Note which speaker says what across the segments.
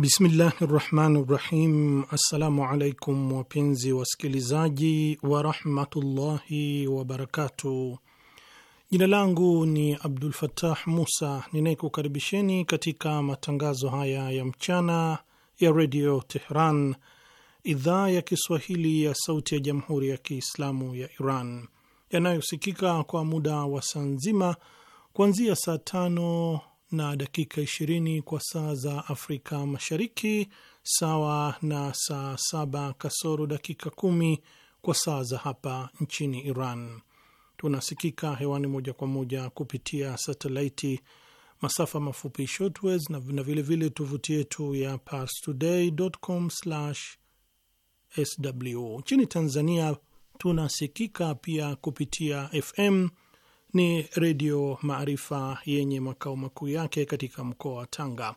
Speaker 1: Bismillahi rahmani rahim. Assalamu alaikum wapenzi wasikilizaji warahmatullahi wabarakatuh. Jina langu ni Abdul fatah Musa ninayekukaribisheni katika matangazo haya ya mchana ya redio Tehran, idhaa ya Kiswahili ya sauti ya jamhuri ya Kiislamu ya Iran yanayosikika kwa muda wa saa nzima kuanzia saa tano na dakika 20 kwa saa za Afrika Mashariki, sawa na saa saba kasoro dakika kumi kwa saa za hapa nchini Iran. Tunasikika hewani moja kwa moja kupitia satelaiti, masafa mafupi shortwaves, na vilevile tovuti yetu ya parstoday.com/sw. Nchini Tanzania tunasikika pia kupitia FM ni Redio Maarifa yenye makao makuu yake katika mkoa wa Tanga.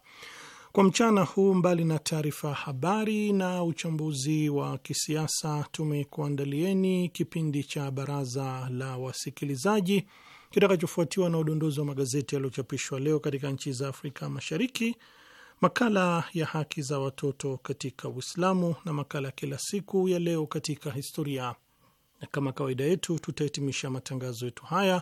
Speaker 1: Kwa mchana huu, mbali na taarifa ya habari na uchambuzi wa kisiasa, tumekuandalieni kipindi cha Baraza la Wasikilizaji kitakachofuatiwa na udondozi wa magazeti yaliyochapishwa leo katika nchi za Afrika Mashariki, makala ya haki za watoto katika Uislamu na makala ya kila siku ya leo katika historia, na kama kawaida yetu tutahitimisha matangazo yetu haya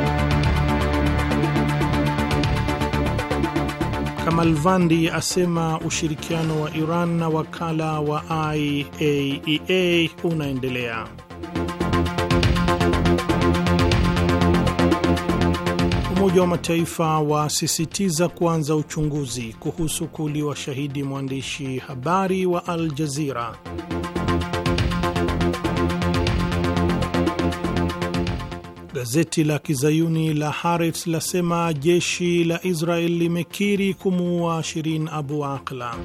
Speaker 1: Kamalvandi asema ushirikiano wa Iran na wakala wa IAEA e unaendelea. Umoja wa Mataifa wasisitiza kuanza uchunguzi kuhusu kuuliwa shahidi mwandishi habari wa Al Jazira. Gazeti la kizayuni la Haaretz lasema jeshi la Israel limekiri kumuua Shirin Abu Akla.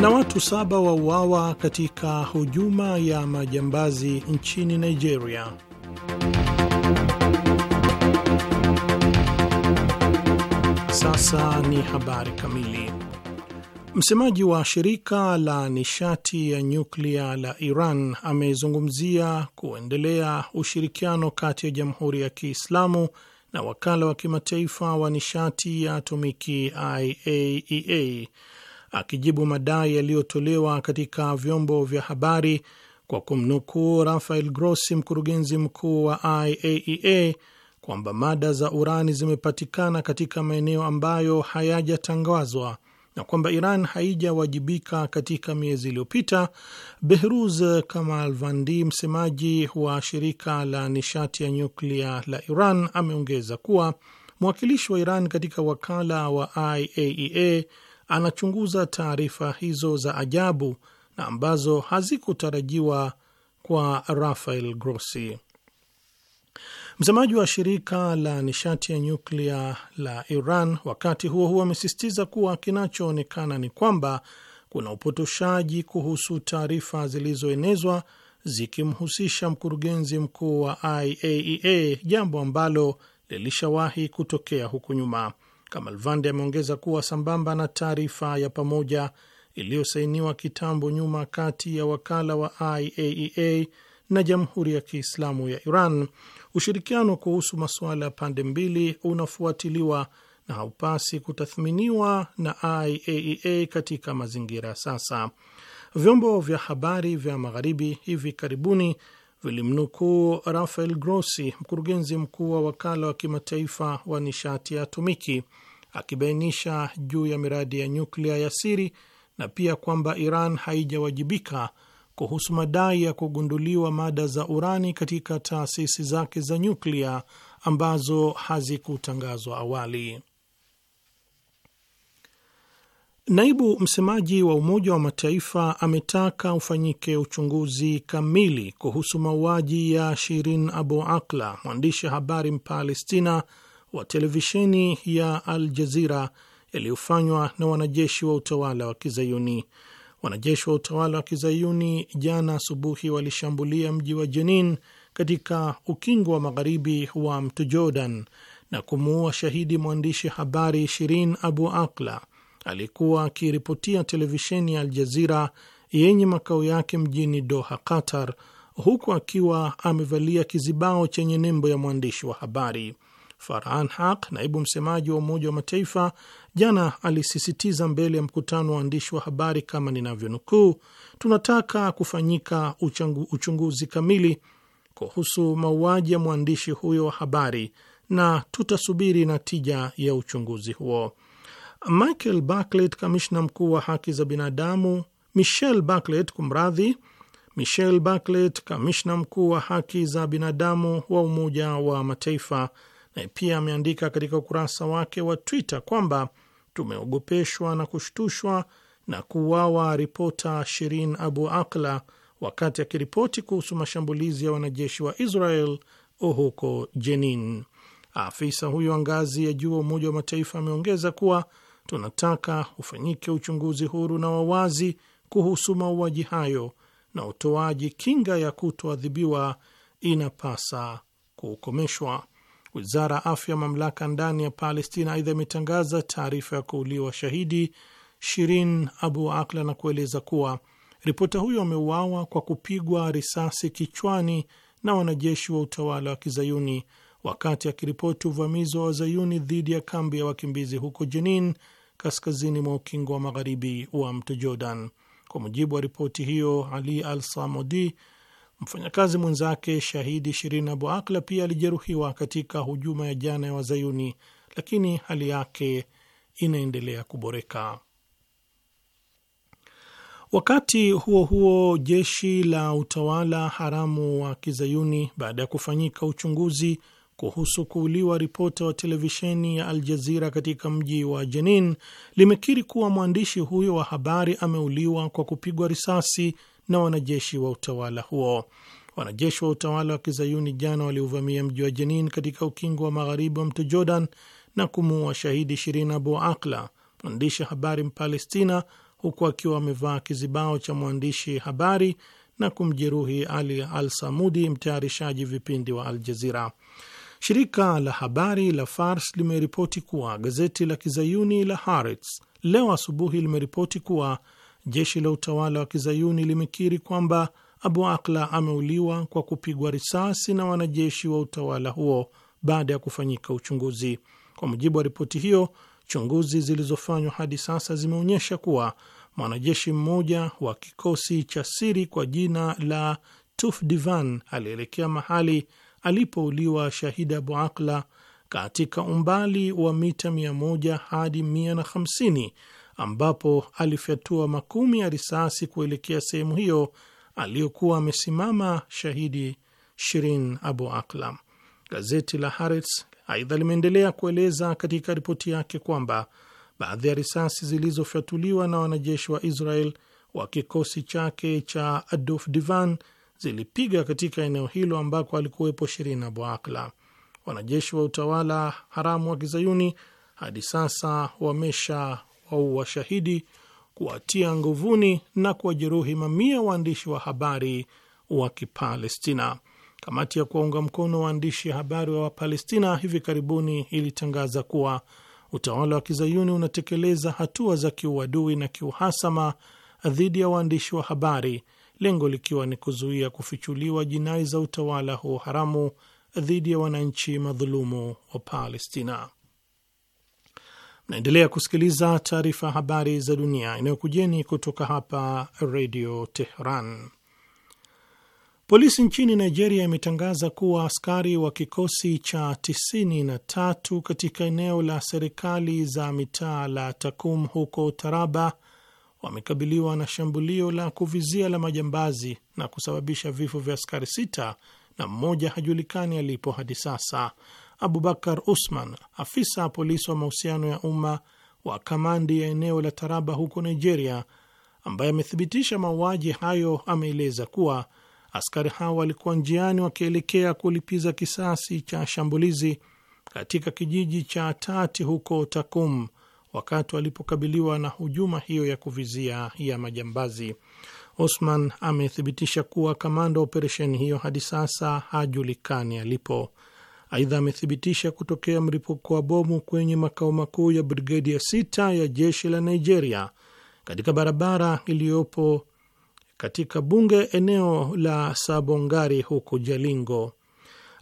Speaker 1: Na watu saba wauawa katika hujuma ya majambazi nchini Nigeria. Sasa ni habari kamili. Msemaji wa shirika la nishati ya nyuklia la Iran amezungumzia kuendelea ushirikiano kati ya Jamhuri ya Kiislamu na wakala wa kimataifa wa nishati ya atomiki IAEA e akijibu madai yaliyotolewa katika vyombo vya habari kwa kumnukuu Rafael Grossi, mkurugenzi mkuu wa IAEA e kwamba mada za urani zimepatikana katika maeneo ambayo hayajatangazwa na kwamba Iran haijawajibika katika miezi iliyopita. Behruz vandi msemaji wa shirika la nishati ya nyuklia la Iran, ameongeza kuwa mwakilishi wa Iran katika wakala wa IAEA e anachunguza taarifa hizo za ajabu na ambazo hazikutarajiwa kwa Rafael Grossi. Msemaji wa shirika la nishati ya nyuklia la Iran wakati huo huo amesisitiza kuwa kinachoonekana ni kwamba kuna upotoshaji kuhusu taarifa zilizoenezwa zikimhusisha mkurugenzi mkuu wa IAEA, e jambo ambalo lilishawahi kutokea huko nyuma. kamal Vande ameongeza kuwa sambamba na taarifa ya pamoja iliyosainiwa kitambo nyuma kati ya wakala wa IAEA e na Jamhuri ya Kiislamu ya Iran Ushirikiano kuhusu masuala ya pande mbili unafuatiliwa na haupasi kutathminiwa na IAEA e katika mazingira ya sasa. Vyombo vya habari vya magharibi hivi karibuni vilimnukuu Rafael Grossi, mkurugenzi mkuu wa wakala wa kimataifa wa nishati ya atomiki, akibainisha juu ya miradi ya nyuklia ya siri na pia kwamba Iran haijawajibika kuhusu madai ya kugunduliwa mada za urani katika taasisi zake za nyuklia ambazo hazikutangazwa awali. Naibu msemaji wa Umoja wa Mataifa ametaka ufanyike uchunguzi kamili kuhusu mauaji ya Shirin Abu Akla, mwandishi habari Mpalestina wa televisheni ya Al Jazira, yaliyofanywa na wanajeshi wa utawala wa Kizayuni wanajeshi wa utawala wa kizayuni jana asubuhi walishambulia mji wa Jenin katika ukingo wa magharibi wa mto Jordan na kumuua shahidi mwandishi habari Shirin Abu Akla alikuwa akiripotia televisheni ya Aljazira yenye makao yake mjini Doha, Qatar, huku akiwa amevalia kizibao chenye nembo ya mwandishi wa habari. Farhan Haq, naibu msemaji wa Umoja wa Mataifa, jana alisisitiza mbele ya mkutano wa waandishi wa habari kama ninavyonukuu, tunataka kufanyika uchangu, uchunguzi kamili kuhusu mauaji ya mwandishi huyo wa habari na tutasubiri natija ya uchunguzi huo. Michael Bachelet, kamishna mkuu wa haki za binadamu, Michelle Bachelet, kumradhi Michelle Bachelet, kamishna mkuu wa haki za binadamu wa Umoja wa Mataifa E, pia ameandika katika ukurasa wake wa Twitter kwamba tumeogopeshwa na kushtushwa na kuuawa ripota Shirin Abu Akla wakati akiripoti kuhusu mashambulizi ya wanajeshi wa Israel huko Jenin. Afisa huyo wa ngazi ya juu wa Umoja wa Mataifa ameongeza kuwa tunataka ufanyike uchunguzi huru na wawazi kuhusu mauaji hayo na utoaji kinga ya kutoadhibiwa inapasa kukomeshwa. Wizara ya afya mamlaka ndani ya Palestina aidha imetangaza taarifa ya kuuliwa shahidi Shirin Abu Akla na kueleza kuwa ripota huyo ameuawa kwa kupigwa risasi kichwani na wanajeshi wa utawala wa kizayuni wakati akiripoti uvamizi wa wazayuni dhidi ya kambi ya wakimbizi huko Jenin, kaskazini mwa ukingo wa magharibi wa mto Jordan. Kwa mujibu wa ripoti hiyo, Ali Al Samudi, Mfanyakazi mwenzake shahidi Shirin Abu Akla pia alijeruhiwa katika hujuma ya jana ya Wazayuni, lakini hali yake inaendelea kuboreka. Wakati huo huo, jeshi la utawala haramu wa Kizayuni, baada ya kufanyika uchunguzi kuhusu kuuliwa ripota wa televisheni ya Al Jazira katika mji wa Jenin, limekiri kuwa mwandishi huyo wa habari ameuliwa kwa kupigwa risasi na wanajeshi wa utawala huo. Wanajeshi wa utawala wa kizayuni jana waliuvamia mji wa Jenin katika ukingo wa magharibi wa mto Jordan na kumuua shahidi Shirin Abu Akla, mwandishi habari Mpalestina, huku akiwa amevaa kizibao cha mwandishi habari na kumjeruhi Ali Al Samudi, mtayarishaji vipindi wa Al Jazira. Shirika la habari la Fars limeripoti kuwa gazeti la kizayuni la Haaretz leo asubuhi limeripoti kuwa jeshi la utawala wa kizayuni limekiri kwamba Abu Akla ameuliwa kwa kupigwa risasi na wanajeshi wa utawala huo baada ya kufanyika uchunguzi. Kwa mujibu wa ripoti hiyo, chunguzi zilizofanywa hadi sasa zimeonyesha kuwa mwanajeshi mmoja wa kikosi cha siri kwa jina la Tuf Divan alielekea mahali alipouliwa shahidi Abu Akla katika umbali wa mita 100 hadi 150 ambapo alifyatua makumi ya risasi kuelekea sehemu hiyo aliyokuwa amesimama shahidi Shirin Abu Akla. Gazeti la harets aidha limeendelea kueleza katika ripoti yake kwamba baadhi ya risasi zilizofyatuliwa na wanajeshi wa Israel wa kikosi chake cha Adolf Divan zilipiga katika eneo hilo ambako alikuwepo Shirin Abu Akla. Wanajeshi wa utawala haramu wa kizayuni hadi sasa wamesha au washahidi, kuwatia nguvuni na kuwajeruhi mamia waandishi wa habari wa Kipalestina. Kamati ya kuwaunga mkono waandishi habari wa Wapalestina hivi karibuni ilitangaza kuwa utawala wa kizayuni unatekeleza hatua za kiuadui na kiuhasama dhidi ya waandishi wa habari, lengo likiwa ni kuzuia kufichuliwa jinai za utawala huo haramu dhidi ya wananchi madhulumu wa Palestina. Naendelea kusikiliza taarifa ya habari za dunia inayokujeni kutoka hapa redio Tehran. Polisi nchini Nigeria imetangaza kuwa askari wa kikosi cha 93 katika eneo la serikali za mitaa la Takum huko Taraba wamekabiliwa na shambulio la kuvizia la majambazi na kusababisha vifo vya askari sita na mmoja hajulikani alipo hadi sasa. Abubakar Usman, afisa polisi wa mahusiano ya umma wa kamandi ya eneo la Taraba huko Nigeria, ambaye amethibitisha mauaji hayo, ameeleza kuwa askari hao walikuwa njiani wakielekea kulipiza kisasi cha shambulizi katika kijiji cha Tati huko Takum wakati walipokabiliwa na hujuma hiyo ya kuvizia ya majambazi. Osman amethibitisha kuwa kamanda wa operesheni hiyo hadi sasa hajulikani alipo. Aidha, amethibitisha kutokea mlipuko wa bomu kwenye makao makuu ya brigedi ya sita ya jeshi la Nigeria katika barabara iliyopo katika bunge eneo la Sabongari huko Jalingo.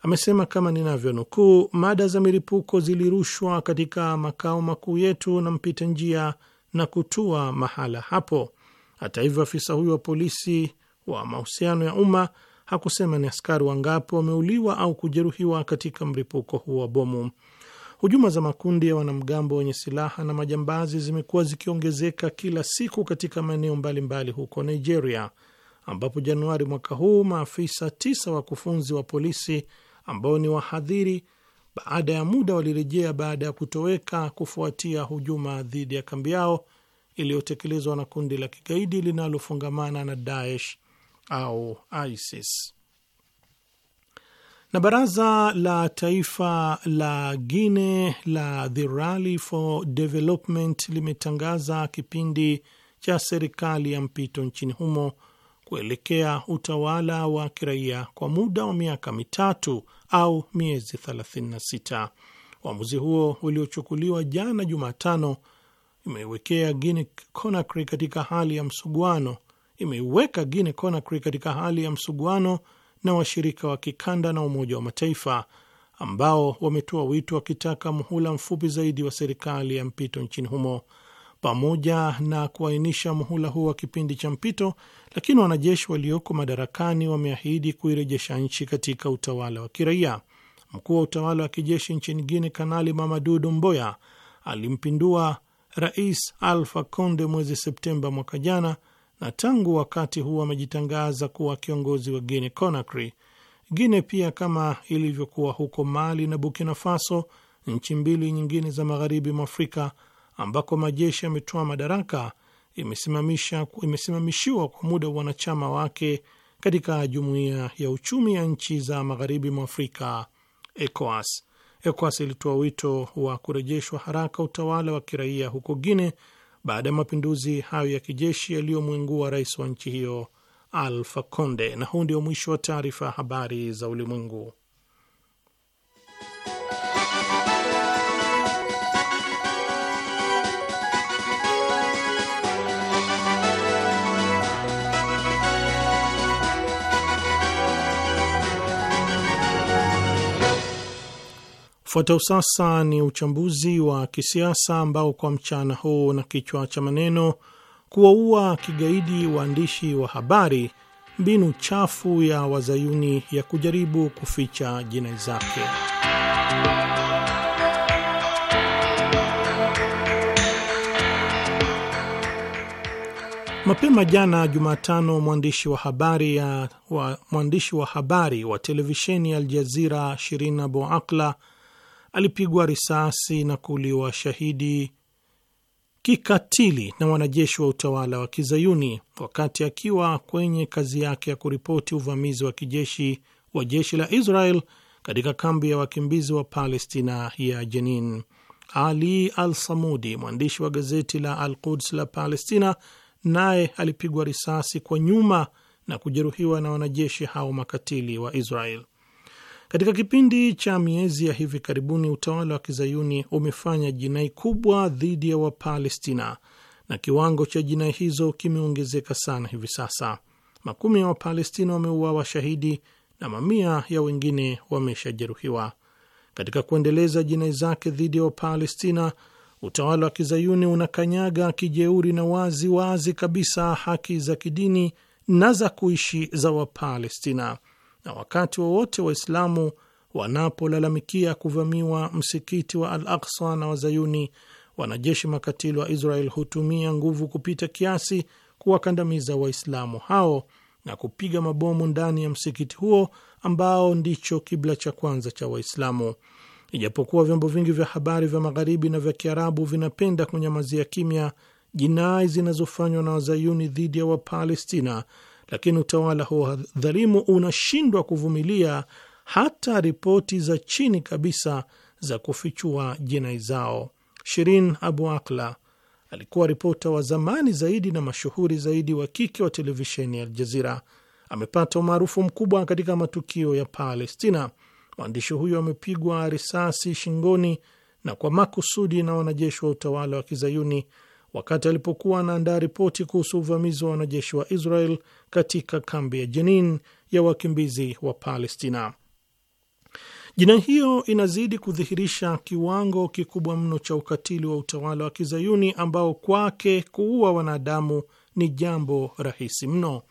Speaker 1: Amesema kama ninavyonukuu, mada za milipuko zilirushwa katika makao makuu yetu na mpita njia na kutua mahala hapo. Hata hivyo, afisa huyo wa polisi wa mahusiano ya umma hakusema ni askari wangapi wameuliwa au kujeruhiwa katika mlipuko huo wa bomu. Hujuma za makundi ya wanamgambo wenye silaha na majambazi zimekuwa zikiongezeka kila siku katika maeneo mbalimbali huko Nigeria, ambapo Januari mwaka huu maafisa tisa wakufunzi wa polisi ambao ni wahadhiri baada ya muda walirejea baada ya kutoweka kufuatia hujuma dhidi ya kambi yao iliyotekelezwa na kundi la kigaidi linalofungamana na Daesh au ISIS. Na baraza la taifa la Guine la The Rally for Development limetangaza kipindi cha serikali ya mpito nchini humo kuelekea utawala wa kiraia kwa muda wa miaka mitatu au miezi 36. Uamuzi huo uliochukuliwa jana Jumatano imewekea Guinea Conakry katika hali ya msuguano imeiweka Guine Conakry katika hali ya msuguano na washirika wa kikanda na Umoja wa Mataifa ambao wametoa wito wakitaka muhula mfupi zaidi wa serikali ya mpito nchini humo. Pamoja na kuainisha muhula huo wa kipindi cha mpito, lakini wanajeshi walioko madarakani wameahidi kuirejesha nchi katika utawala wa kiraia. Mkuu wa utawala wa kijeshi nchini guine Kanali Mamadudu Mboya alimpindua Rais alfa Conde mwezi Septemba mwaka jana na tangu wakati huo amejitangaza kuwa kiongozi wa guine Conakry. guine pia kama ilivyokuwa huko Mali na Burkina Faso, nchi mbili nyingine za magharibi mwa Afrika ambako majeshi yametoa madaraka, imesimamishiwa kwa muda wa wanachama wake katika jumuiya ya uchumi ya nchi za magharibi mwa Afrika, ECOWAS. ECOWAS ilitoa wito wa kurejeshwa haraka utawala wa kiraia huko Guinea baada ya mapinduzi hayo ya kijeshi yaliyomwingua rais wa nchi hiyo Alfa Conde. Na huu ndio mwisho wa taarifa ya habari za ulimwengu. Ufuatao sasa ni uchambuzi wa kisiasa ambao kwa mchana huu na kichwa cha maneno kuwaua kigaidi waandishi wa habari, mbinu chafu ya wazayuni ya kujaribu kuficha jinai zake. Mapema jana Jumatano, mwandishi wa habari ya, wa, mwandishi wa habari wa televisheni ya Aljazira Shirin Abu Akla alipigwa risasi na kuuliwa shahidi kikatili na wanajeshi wa utawala wa kizayuni wakati akiwa kwenye kazi yake ya kuripoti uvamizi wa kijeshi wa jeshi la Israel katika kambi ya wakimbizi wa Palestina ya Jenin. Ali Al Samudi, mwandishi wa gazeti la Al Quds la Palestina, naye alipigwa risasi kwa nyuma na kujeruhiwa na wanajeshi hao makatili wa Israel. Katika kipindi cha miezi ya hivi karibuni, utawala wa kizayuni umefanya jinai kubwa dhidi ya Wapalestina na kiwango cha jinai hizo kimeongezeka sana hivi sasa. Makumi ya Wapalestina wameuawa shahidi na mamia ya wengine wameshajeruhiwa. Katika kuendeleza jinai zake dhidi ya Wapalestina, utawala wa kizayuni unakanyaga kijeuri na wazi wazi kabisa haki za kidini na za kuishi za Wapalestina na wakati wowote Waislamu wanapolalamikia kuvamiwa msikiti wa Al Aksa na Wazayuni, wanajeshi makatili wa Israel hutumia nguvu kupita kiasi kuwakandamiza Waislamu hao na kupiga mabomu ndani ya msikiti huo ambao ndicho kibla cha kwanza cha Waislamu. Ijapokuwa vyombo vingi vya habari vya Magharibi na vya Kiarabu vinapenda kunyamazia kimya jinai zinazofanywa na Wazayuni dhidi ya Wapalestina, lakini utawala huo dhalimu unashindwa kuvumilia hata ripoti za chini kabisa za kufichua jinai zao. Shirin Abu Akla alikuwa ripota wa zamani zaidi na mashuhuri zaidi wa kike wa televisheni ya Aljazira. Amepata umaarufu mkubwa katika matukio ya Palestina. Mwandishi huyo amepigwa risasi shingoni na kwa makusudi na wanajeshi wa utawala wa kizayuni wakati alipokuwa anaandaa ripoti kuhusu uvamizi wa wanajeshi wa Israel katika kambi ya Jenin ya wakimbizi wa Palestina. Jinai hiyo inazidi kudhihirisha kiwango kikubwa mno cha ukatili wa utawala wa kizayuni ambao kwake kuua wanadamu ni jambo rahisi mno.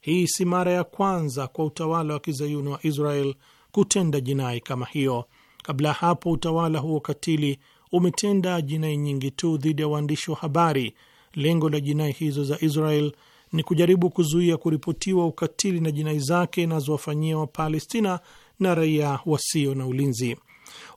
Speaker 1: Hii si mara ya kwanza kwa utawala wa kizayuni wa Israel kutenda jinai kama hiyo. Kabla ya hapo, utawala huo katili umetenda jinai nyingi tu dhidi ya waandishi wa habari. Lengo la jinai hizo za Israel ni kujaribu kuzuia kuripotiwa ukatili na jinai zake inazowafanyia Wapalestina na raia wasio na ulinzi.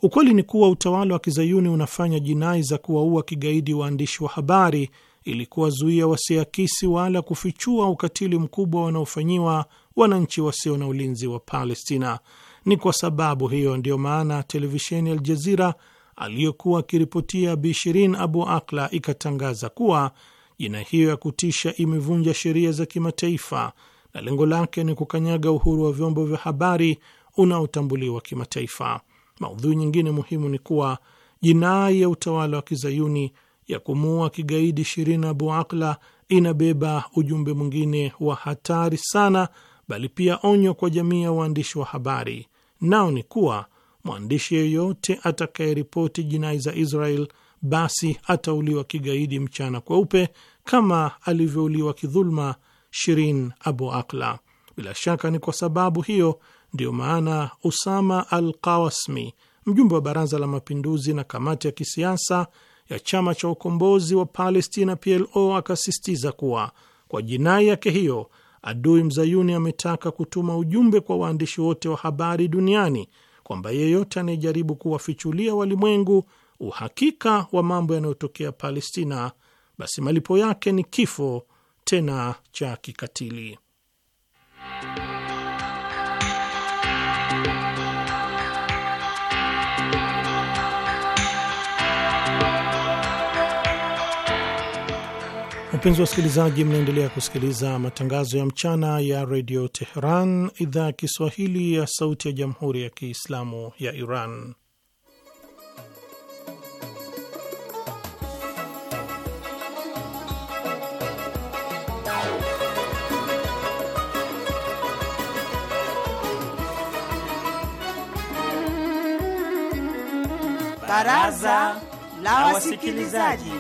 Speaker 1: Ukweli ni kuwa utawala wa kizayuni unafanya jinai za kuwaua kigaidi waandishi wa habari ili kuwazuia wasiakisi wala kufichua ukatili mkubwa wanaofanyiwa wananchi wasio na ulinzi wa Palestina. Ni kwa sababu hiyo ndiyo maana televisheni Aljazira aliyokuwa akiripotia Bi Shirin Abu Akla, ikatangaza kuwa jina hiyo ya kutisha imevunja sheria za kimataifa na lengo lake ni kukanyaga uhuru wa vyombo vya habari unaotambuliwa kimataifa. Maudhui nyingine muhimu ni kuwa jinai ya utawala wa kizayuni ya kumuua kigaidi Shirin Abu Akla inabeba ujumbe mwingine wa hatari sana, bali pia onyo kwa jamii ya waandishi wa habari, nao ni kuwa mwandishi yeyote atakayeripoti jinai za Israel basi atauliwa kigaidi mchana kweupe kama alivyouliwa kidhuluma Shirin Abu Akla. Bila shaka ni kwa sababu hiyo ndiyo maana Usama al Kawasmi, mjumbe wa Baraza la Mapinduzi na kamati ya kisiasa ya chama cha ukombozi wa Palestina PLO, akasisitiza kuwa kwa jinai yake hiyo adui mzayuni ametaka kutuma ujumbe kwa waandishi wote wa habari duniani kwamba yeyote anayejaribu kuwafichulia walimwengu uhakika wa mambo yanayotokea Palestina, basi malipo yake ni kifo, tena cha kikatili. Wapenzi wasikilizaji, mnaendelea kusikiliza matangazo ya mchana ya redio Teheran, idhaa ya Kiswahili ya sauti ya jamhuri ya Kiislamu ya Iran.
Speaker 2: Baraza la Wasikilizaji.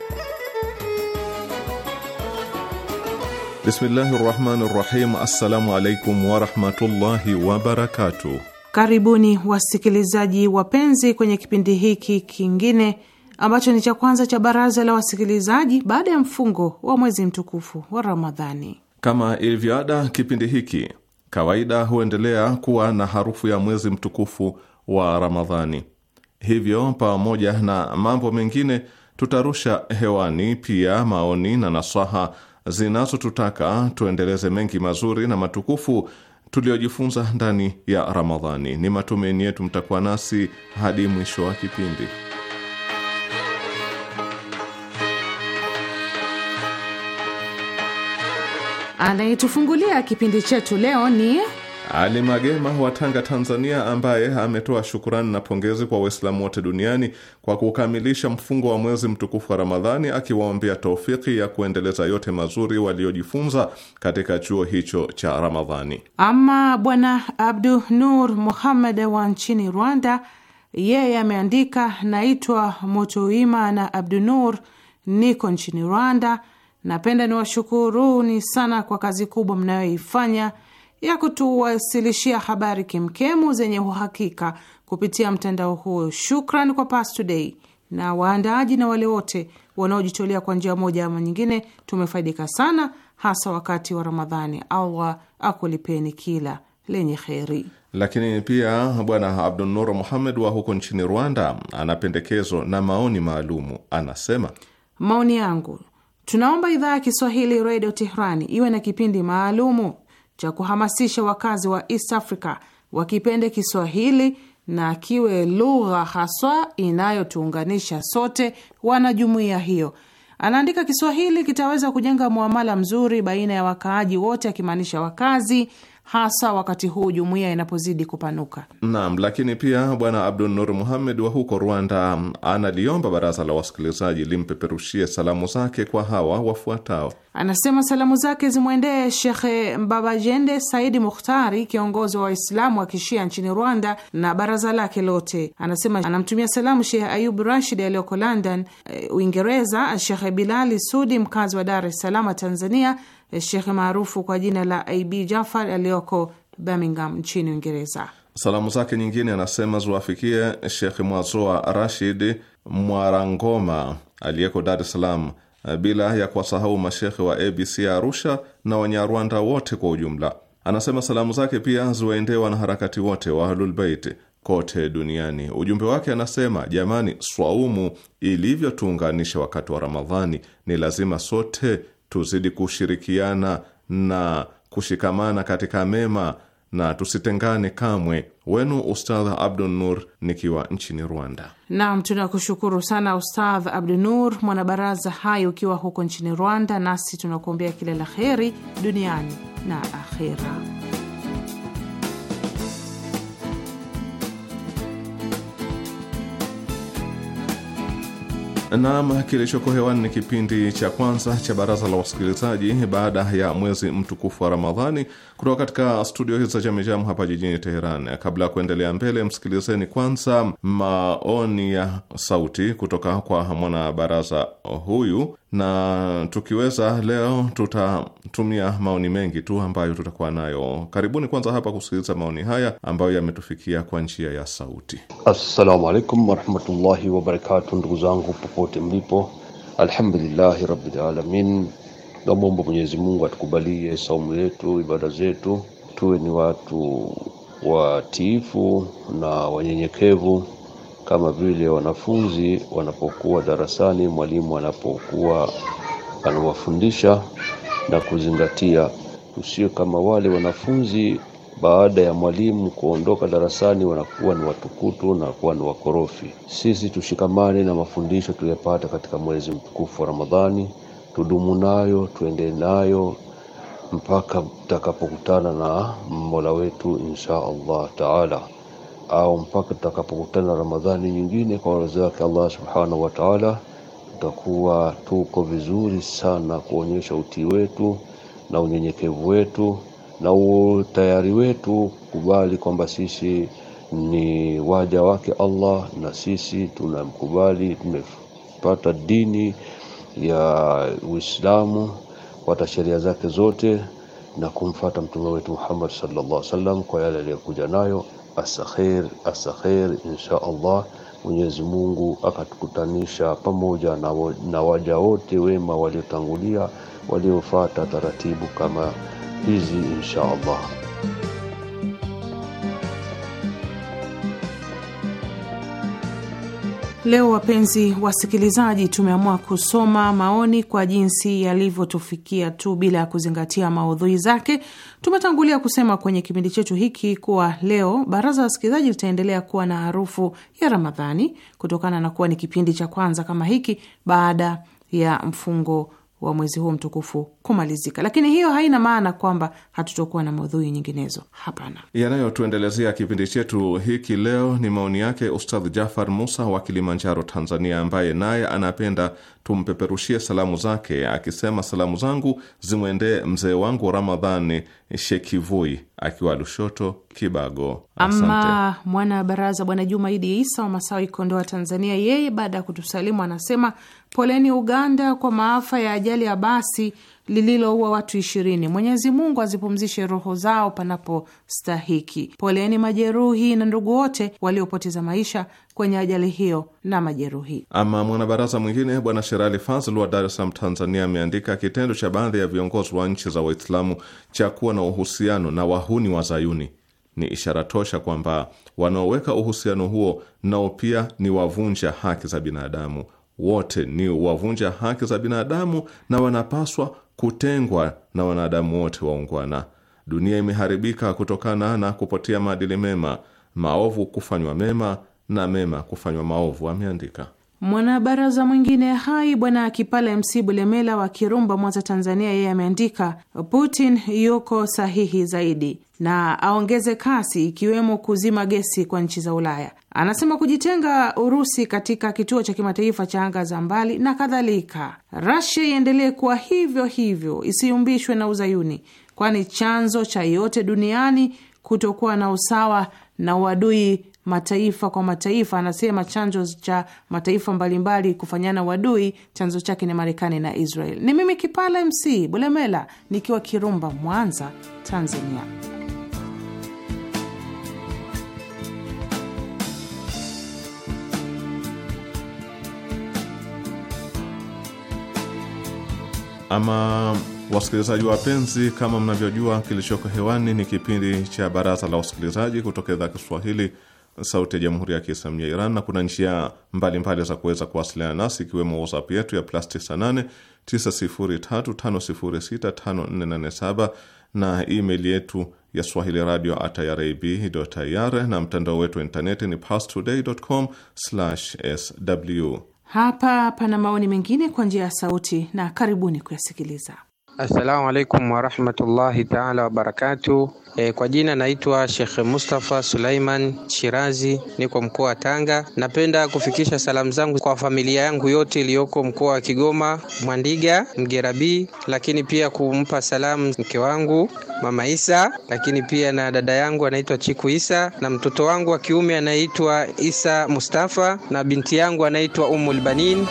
Speaker 3: Bismillahi rahmani rahim. Assalamu alaikum warahmatullahi wabarakatuh.
Speaker 4: Karibuni wasikilizaji wapenzi kwenye kipindi hiki kingine ambacho ni cha kwanza cha baraza la wasikilizaji baada ya mfungo wa mwezi mtukufu wa Ramadhani.
Speaker 3: Kama ilivyoada, kipindi hiki kawaida huendelea kuwa na harufu ya mwezi mtukufu wa Ramadhani. Hivyo, pamoja na mambo mengine, tutarusha hewani pia maoni na nasaha zinazotutaka tuendeleze mengi mazuri na matukufu tuliyojifunza ndani ya Ramadhani. Ni matumaini yetu mtakuwa nasi hadi mwisho wa kipindi.
Speaker 4: Anayetufungulia kipindi chetu leo ni
Speaker 3: ali Magema wa Tanga, Tanzania, ambaye ametoa shukurani na pongezi kwa Waislamu wote duniani kwa kukamilisha mfungo wa mwezi mtukufu wa Ramadhani, akiwaombea taufiki ya kuendeleza yote mazuri waliojifunza katika chuo hicho cha Ramadhani.
Speaker 4: Ama Bwana Abdu Nur Muhammad wa nchini Rwanda, yeye ameandika, naitwa Mutuima na Abdu Nur, niko nchini Rwanda. Napenda niwashukuruni sana kwa kazi kubwa mnayoifanya ya kutuwasilishia habari kemkemu zenye uhakika kupitia mtandao huo. Shukran kwa Pastoday na waandaaji na wale wote wanaojitolea kwa njia moja ama nyingine. Tumefaidika sana, hasa wakati wa Ramadhani. Allah akulipeni kila lenye kheri.
Speaker 3: Lakini pia Bwana Abdunur Muhamed wa huko nchini Rwanda ana pendekezo na maoni maalumu. Anasema,
Speaker 4: maoni yangu, tunaomba idhaa ya Kiswahili Redio Tehrani iwe na kipindi maalumu cha kuhamasisha wakazi wa East Africa wakipende Kiswahili na kiwe lugha haswa inayotuunganisha sote wanajumuiya hiyo. Anaandika, Kiswahili kitaweza kujenga muamala mzuri baina ya wakaaji wote, akimaanisha wakazi hasa wakati huu jumuiya inapozidi kupanuka.
Speaker 3: Naam, lakini pia Bwana Abdul Nur Muhammed wa huko Rwanda analiomba baraza la wasikilizaji limpeperushie salamu zake kwa hawa wafuatao:
Speaker 4: Anasema salamu zake zimwendee Shekhe Mbabajende Saidi Mukhtari, kiongozi wa Waislamu wa kishia nchini Rwanda na baraza lake lote. Anasema anamtumia salamu Shekhe Ayub Rashid aliyoko London, eh, Uingereza, Shekhe Bilali Sudi mkazi wa Dar es Salaam, Tanzania, eh, shekhe maarufu kwa jina la Ab Jafar aliyoko Birmingham nchini Uingereza.
Speaker 3: Salamu zake nyingine anasema ziwafikie Shekhe Mwazoa Rashid Mwarangoma aliyeko Dar es Salaam Eh, bila ya kuwasahau mashekhe wa ABC Arusha na Wanyarwanda wote kwa ujumla. Anasema salamu zake pia ziwaendee wanaharakati wote wa Ahlulbeit kote duniani. Ujumbe wake anasema, jamani, swaumu ilivyotuunganisha wakati wa Ramadhani, ni lazima sote tuzidi kushirikiana na kushikamana katika mema na tusitengane kamwe. Wenu Ustadh Abdu Nur nikiwa nchini Rwanda.
Speaker 4: Naam, tunakushukuru sana Ustadh Abdu Nur, mwanabaraza hai, ukiwa huko nchini Rwanda, nasi tunakuombea kila la heri duniani na akhera.
Speaker 3: Naam, kilichoko hewani ni kipindi cha kwanza cha baraza la wasikilizaji baada ya mwezi mtukufu wa Ramadhani kutoka katika studio hizi za Jamijam hapa jijini Teheran. Kabla ya kuendelea mbele, msikilizeni kwanza maoni ya sauti kutoka kwa mwanabaraza huyu na tukiweza leo tutatumia maoni mengi tu ambayo tutakuwa nayo. Karibuni kwanza hapa kusikiliza maoni haya ambayo yametufikia kwa njia ya sauti.
Speaker 5: Assalamu alaikum warahmatullahi wabarakatu, ndugu zangu popote mlipo, alhamdulillahi rabbil alamin. Namwomba Mwenyezi Mungu atukubalie saumu yetu, ibada zetu, tuwe ni watu watiifu na wanyenyekevu kama vile wanafunzi wanapokuwa darasani, mwalimu anapokuwa anawafundisha na kuzingatia. tusio kama wale wanafunzi baada ya mwalimu kuondoka darasani wanakuwa ni watukutu na kuwa ni wakorofi. Sisi tushikamane na mafundisho tuliyopata katika mwezi mtukufu wa Ramadhani, tudumu nayo, tuende nayo mpaka tutakapokutana na Mola wetu insha Allah taala au mpaka tutakapokutana Ramadhani nyingine kwa uwezo wake Allah subhanahu wa ta'ala, tutakuwa tuko vizuri sana kuonyesha utii wetu na unyenyekevu wetu na utayari wetu kubali kwamba sisi ni waja wake Allah na sisi tunamkubali. Tumepata dini ya Uislamu kufuata sheria zake zote na kumfata mtume wetu Muhammad sallallahu alaihi wasallam kwa yale aliyokuja nayo asakheri asakheri insha allah mwenyezi mungu akatukutanisha pamoja na, na waja wote wema waliotangulia waliofata taratibu kama hizi insha allah
Speaker 4: Leo wapenzi wasikilizaji, tumeamua kusoma maoni kwa jinsi yalivyotufikia tu bila ya kuzingatia maudhui zake. Tumetangulia kusema kwenye kipindi chetu hiki kuwa leo baraza la wasikilizaji litaendelea kuwa na harufu ya Ramadhani kutokana na kuwa ni kipindi cha kwanza kama hiki baada ya mfungo wa mwezi huo mtukufu kumalizika, lakini hiyo haina maana kwamba hatutokuwa na maudhui nyinginezo. Hapana.
Speaker 3: Yanayotuendelezea kipindi chetu hiki leo ni maoni yake Ustadh Jafar Musa wa Kilimanjaro, Tanzania, ambaye naye anapenda tumpeperushie salamu zake, akisema salamu zangu zimwendee mzee wangu Ramadhani Shekivui akiwa Lushoto Kibago. Asante. Ama
Speaker 4: mwana baraza Bwana Juma Idi Isa wa Masawi, Kondoa, Tanzania, yeye baada ya kutusalimu anasema Poleni Uganda kwa maafa ya ajali ya basi lililoua watu ishirini. Mwenyezi Mungu azipumzishe roho zao panapostahiki. Poleni majeruhi na ndugu wote waliopoteza maisha kwenye ajali hiyo na majeruhi.
Speaker 3: Ama mwanabaraza mwingine Bwana Sherali Fazl wa Dar es Salaam, Tanzania, ameandika kitendo cha baadhi ya viongozi wa nchi za Waislamu cha kuwa na uhusiano na wahuni wa Zayuni ni ishara tosha kwamba wanaoweka uhusiano huo nao pia ni wavunja haki za binadamu wote ni wavunja haki za binadamu na wanapaswa kutengwa na wanadamu wote waungwana. Dunia imeharibika kutokana na kupotea maadili mema, maovu kufanywa mema na mema kufanywa maovu, ameandika.
Speaker 4: Mwanabaraza mwingine hai Bwana Kipala MC Bulemela wa Kirumba, Mwanza, Tanzania, yeye ameandika Putin yuko sahihi zaidi na aongeze kasi, ikiwemo kuzima gesi kwa nchi za Ulaya. Anasema kujitenga Urusi katika kituo cha kimataifa cha anga za mbali na kadhalika. Rasia iendelee kuwa hivyo hivyo, isiyumbishwe na Uzayuni, kwani chanzo cha yote duniani kutokuwa na usawa na uadui mataifa kwa mataifa. Anasema chanzo cha mataifa mbalimbali kufanyana wadui chanzo chake ni Marekani na Israel. Ni mimi Kipala MC Bulemela nikiwa Kirumba, Mwanza, Tanzania.
Speaker 3: Ama wasikilizaji wapenzi, kama mnavyojua, kilichoko hewani ni kipindi cha Baraza la Wasikilizaji kutoka idhaa Kiswahili sauti ya jamhuri ya Kiislamu ya Iran, na kuna njia mbalimbali za kuweza kuwasiliana nasi ikiwemo WhatsApp yetu ya plus 98 9035065487 na email yetu ya swahili radio at irib.ir na mtandao wetu wa intaneti ni pastoday.com/sw.
Speaker 4: Hapa pana maoni mengine kwa njia ya sauti na karibuni kuyasikiliza.
Speaker 2: Assalamu alaikum warahmatullahi taala wabarakatuh. E, kwa jina naitwa Sheikh
Speaker 4: Mustafa Sulaiman Shirazi, niko mkoa wa Tanga. Napenda kufikisha salamu zangu kwa familia yangu yote iliyoko mkoa wa Kigoma, Mwandiga, Mgerabi, lakini pia kumpa salamu mke wangu Mama Isa, lakini pia na dada yangu anaitwa Chiku Isa na mtoto wangu wa kiume anaitwa Isa Mustafa na binti yangu anaitwa
Speaker 3: Umul Banin.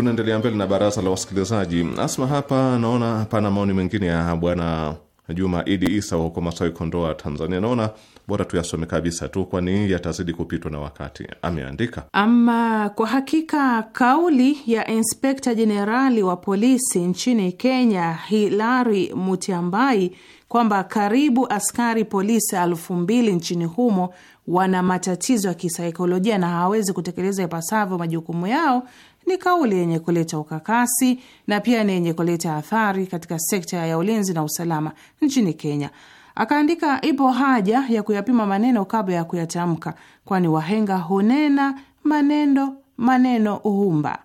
Speaker 3: tunaendelea mbele na baraza la wasikilizaji. Asma, hapa naona pana maoni mengine ya bwana Juma Idi Isa huko Masawi, Kondoa, Tanzania. Naona bora tuyasome kabisa tu, kwani yatazidi kupitwa na wakati. Ameandika,
Speaker 4: ama kwa hakika kauli ya inspekta jenerali wa polisi nchini Kenya Hilari Mutiambai kwamba karibu askari polisi elfu mbili nchini humo wana matatizo ya kisaikolojia na hawawezi kutekeleza ipasavyo majukumu yao ni kauli yenye kuleta ukakasi na pia ni yenye kuleta athari katika sekta ya ulinzi na usalama nchini Kenya. Akaandika, ipo haja ya kuyapima maneno kabla ya kuyatamka, kwani wahenga hunena maneno, maneno uhumba.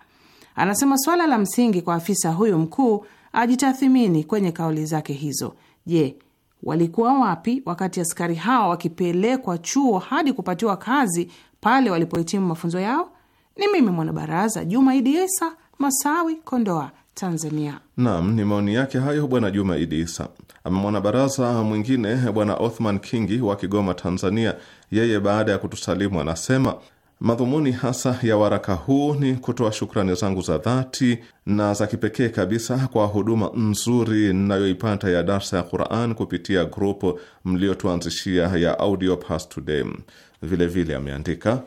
Speaker 4: Anasema swala la msingi kwa afisa huyu mkuu ajitathimini kwenye kauli zake hizo. Je, walikuwa wapi wakati askari hawa wakipelekwa chuo hadi kupatiwa kazi pale walipohitimu mafunzo yao? Ni mimi mwanabaraza Juma Idi Isa, Masawi, Kondoa, Tanzania.
Speaker 3: Naam, ni maoni yake hayo Bwana Juma Idi Isa. Ama mwanabaraza mwingine Bwana Othman Kingi wa Kigoma, Tanzania, yeye baada ya kutusalimu anasema madhumuni hasa ya waraka huu ni kutoa shukrani zangu za dhati na za kipekee kabisa kwa huduma nzuri ninayoipata ya darsa ya Quran kupitia grupu mliotuanzishia ya Audio Pass Today. Vilevile ameandika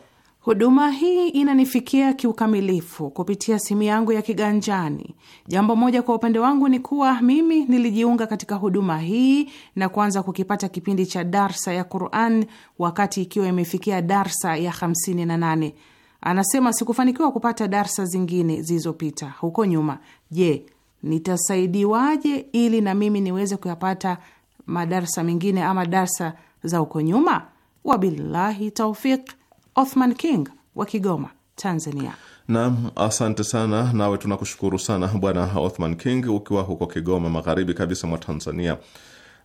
Speaker 4: Huduma hii inanifikia kiukamilifu kupitia simu yangu ya kiganjani. Jambo moja kwa upande wangu ni kuwa mimi nilijiunga katika huduma hii na kuanza kukipata kipindi cha darsa ya Quran wakati ikiwa imefikia darsa ya 58. Anasema sikufanikiwa kupata darsa zingine zilizopita huko nyuma. Je, nitasaidiwaje ili na mimi niweze kuyapata madarsa mengine ama darsa za huko nyuma? Wabillahi taufiki. Othman King wa Kigoma, Tanzania.
Speaker 3: Naam, asante sana. Nawe tunakushukuru sana Bwana Othman King, ukiwa huko Kigoma, magharibi kabisa mwa Tanzania.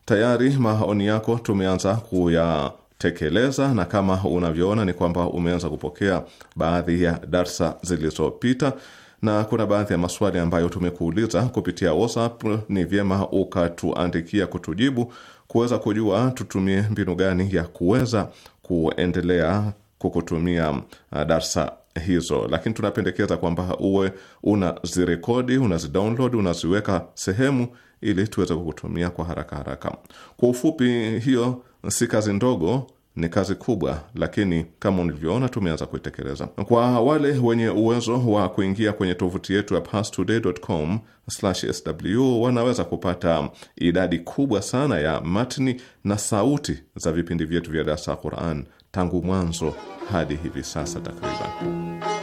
Speaker 3: Tayari maoni yako tumeanza kuyatekeleza, na kama unavyoona ni kwamba umeanza kupokea baadhi ya darsa zilizopita na kuna baadhi ya maswali ambayo tumekuuliza kupitia WhatsApp. Ni vyema ukatuandikia kutujibu, kuweza kujua tutumie mbinu gani ya kuweza kuendelea kukutumia uh, darsa hizo, lakini tunapendekeza kwamba uwe unazirekodi, unazidownload, unaziweka sehemu ili tuweze kukutumia kwa haraka haraka. Kwa ufupi, hiyo si kazi ndogo ni kazi kubwa, lakini kama ulivyoona tumeanza kuitekeleza. Kwa wale wenye uwezo wa kuingia kwenye tovuti yetu ya pastoday.com/sw wanaweza kupata idadi kubwa sana ya matni na sauti za vipindi vyetu vya darasa ya Quran tangu mwanzo hadi hivi sasa takriban.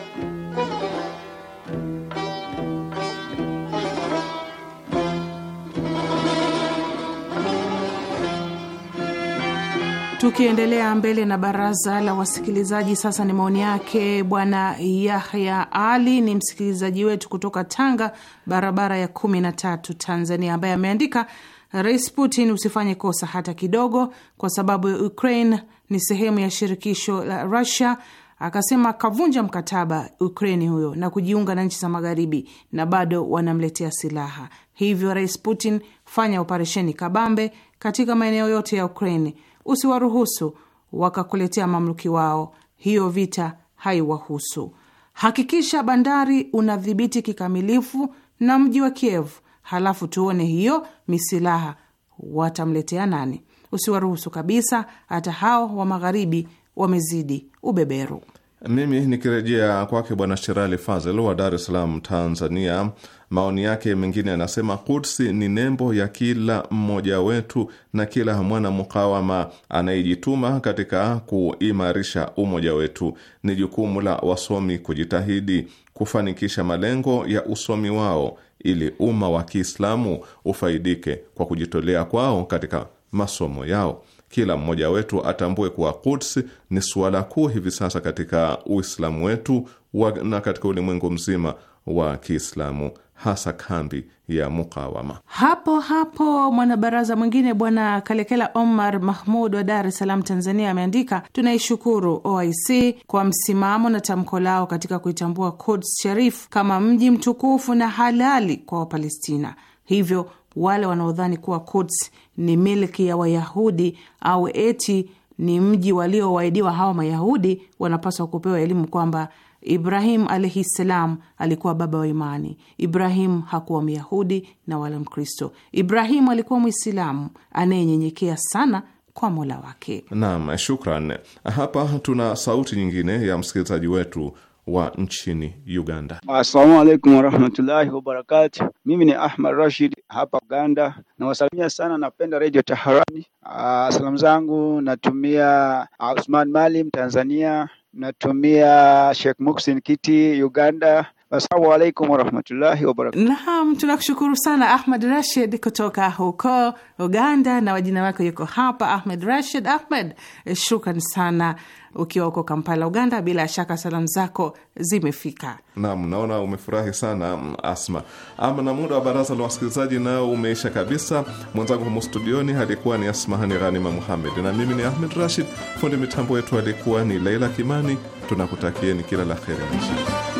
Speaker 4: Tukiendelea mbele na baraza la wasikilizaji, sasa ni maoni yake bwana Yahya Ali, ni msikilizaji wetu kutoka Tanga, barabara ya kumi na tatu, Tanzania, ambaye ameandika Rais Putin, usifanye kosa hata kidogo, kwa sababu Ukraine ni sehemu ya shirikisho la Russia. Akasema akavunja mkataba Ukraini huyo na kujiunga na nchi za Magharibi, na bado wanamletea silaha. Hivyo Rais Putin, fanya operesheni kabambe katika maeneo yote ya Ukraini usiwaruhusu wakakuletea mamluki wao, hiyo vita haiwahusu. Hakikisha bandari unadhibiti kikamilifu na mji wa Kievu, halafu tuone hiyo misilaha watamletea nani. Usiwaruhusu kabisa, hata hao wa magharibi wamezidi ubeberu.
Speaker 3: Mimi nikirejea kwake Bwana Sherali Fazel wa Dar es Salaam, Tanzania, Maoni yake mengine anasema, Kudsi ni nembo ya kila mmoja wetu na kila mwana mukawama anayejituma katika kuimarisha umoja wetu. Ni jukumu la wasomi kujitahidi kufanikisha malengo ya usomi wao ili umma wa Kiislamu ufaidike kwa kujitolea kwao katika masomo yao. Kila mmoja wetu atambue kuwa Quds ni suala kuu hivi sasa katika Uislamu wetu wa, na katika ulimwengu mzima wa Kiislamu hasa kambi ya mukawama.
Speaker 4: Hapo hapo mwanabaraza mwingine Bwana Kalekela Omar Mahmud wa Dar es Salaam, Tanzania, ameandika tunaishukuru OIC kwa msimamo na tamko lao katika kuitambua Quds Sharif kama mji mtukufu na halali kwa Wapalestina. Hivyo wale wanaodhani kuwa Quds ni milki ya Wayahudi au eti ni mji waliowaidiwa hawa Mayahudi wanapaswa kupewa elimu kwamba Ibrahim alaihi ssalam alikuwa baba wa imani. Ibrahim hakuwa Myahudi na wala Mkristo. ibrahimu alikuwa Mwislamu anayenyenyekea sana kwa mola wake.
Speaker 3: Naam, shukran. Hapa tuna sauti nyingine ya msikilizaji wetu wa nchini Uganda.
Speaker 2: Assalamu alaikum warahmatullahi wabarakatu. Mimi ni Ahmad Rashid hapa Uganda, nawasalimia sana. Napenda redio Taharani. Ah, salamu zangu natumia Usman Malim Tanzania, natumia Sheikh Muksin Kiti Uganda, Assalamu alaikum warahmatullahi
Speaker 4: Naam, tunakushukuru sana Ahmed Rashid kutoka huko Uganda, na wajina wake yuko hapa Ahmed Rashid. Ahmed, eh, shukran sana ukiwa huko Kampala, Uganda. Bila shaka salamu zako zimefika.
Speaker 3: Naam, naona umefurahi sana mm, Asma. Ama na muda wa baraza la wasikilizaji nao umeisha kabisa. Mwenzangu humo studioni alikuwa ni Asmahani Ghanima Muhamed na mimi ni Ahmed Rashid. Fundi mitambo yetu alikuwa ni Leila Kimani. Tunakutakieni kila la kheri, maisha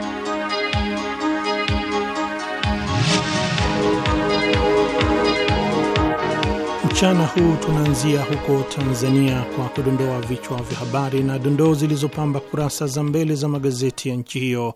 Speaker 1: Mchana huu tunaanzia huko Tanzania kwa kudondoa vichwa vya habari na dondoo zilizopamba kurasa za mbele za magazeti ya nchi hiyo.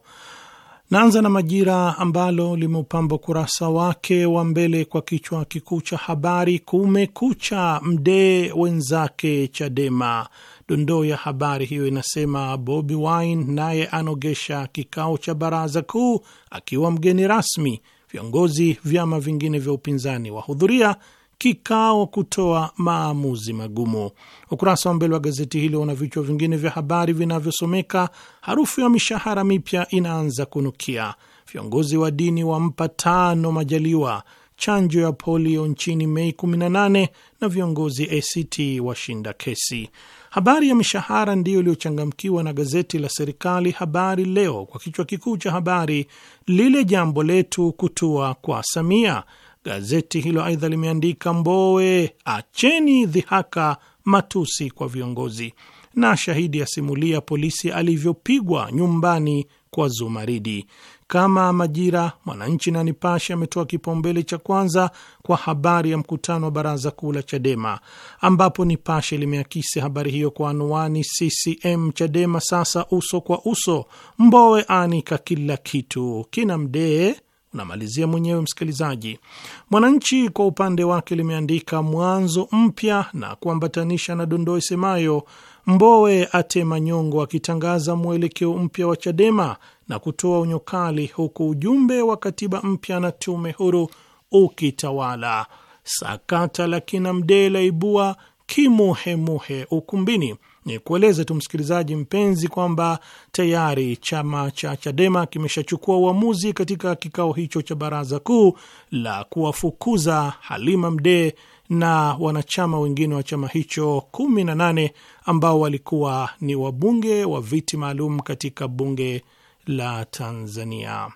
Speaker 1: Naanza na Majira ambalo limeupamba ukurasa wake wa mbele kwa kichwa kikuu cha habari, kumekucha Mdee wenzake Chadema. Dondoo ya habari hiyo inasema Bobi Wine naye anogesha kikao cha baraza kuu akiwa mgeni rasmi, viongozi vyama vingine vya upinzani wahudhuria kikao kutoa maamuzi magumu. Ukurasa wa mbele wa gazeti hilo una vichwa vingine vya habari vinavyosomeka harufu ya mishahara mipya inaanza kunukia, viongozi wa dini wampa tano Majaliwa, chanjo ya polio nchini Mei 18 na viongozi ACT washinda kesi. Habari ya mishahara ndiyo iliyochangamkiwa na gazeti la serikali Habari Leo kwa kichwa kikuu cha habari, lile jambo letu kutua kwa Samia Gazeti hilo aidha limeandika Mbowe, acheni dhihaka, matusi kwa viongozi, na shahidi asimulia polisi alivyopigwa nyumbani kwa Zumaridi. Kama Majira, Mwananchi na Nipashe ametoa kipaumbele cha kwanza kwa habari ya mkutano wa baraza kuu la Chadema, ambapo Nipashe limeakisi habari hiyo kwa anwani CCM Chadema sasa uso kwa uso, Mbowe anika kila kitu, kina Mdee Namalizia mwenyewe msikilizaji. Mwananchi kwa upande wake limeandika mwanzo mpya na kuambatanisha na dondoo isemayo Mbowe atema nyongo akitangaza mwelekeo mpya wa Chadema na kutoa unyokali huku ujumbe wa katiba mpya na tume huru ukitawala. Sakata la kina Mdee laibua kimuhemuhe ukumbini ni kueleze tu msikilizaji mpenzi kwamba tayari chama cha Chadema kimeshachukua uamuzi katika kikao hicho cha baraza kuu la kuwafukuza Halima Mdee na wanachama wengine wa chama hicho 18 ambao walikuwa ni wabunge wa viti maalum katika bunge la Tanzania.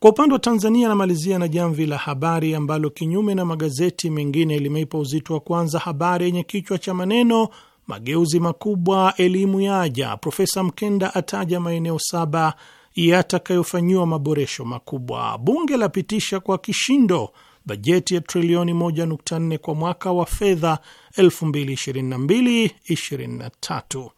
Speaker 1: Kwa upande wa Tanzania, anamalizia na jamvi la habari ambalo kinyume na magazeti mengine limeipa uzito wa kwanza habari yenye kichwa cha maneno mageuzi makubwa elimu yaja. Profesa Mkenda ataja maeneo saba yatakayofanyiwa maboresho makubwa. Bunge lapitisha kwa kishindo bajeti ya trilioni 1.4 kwa mwaka wa fedha 2022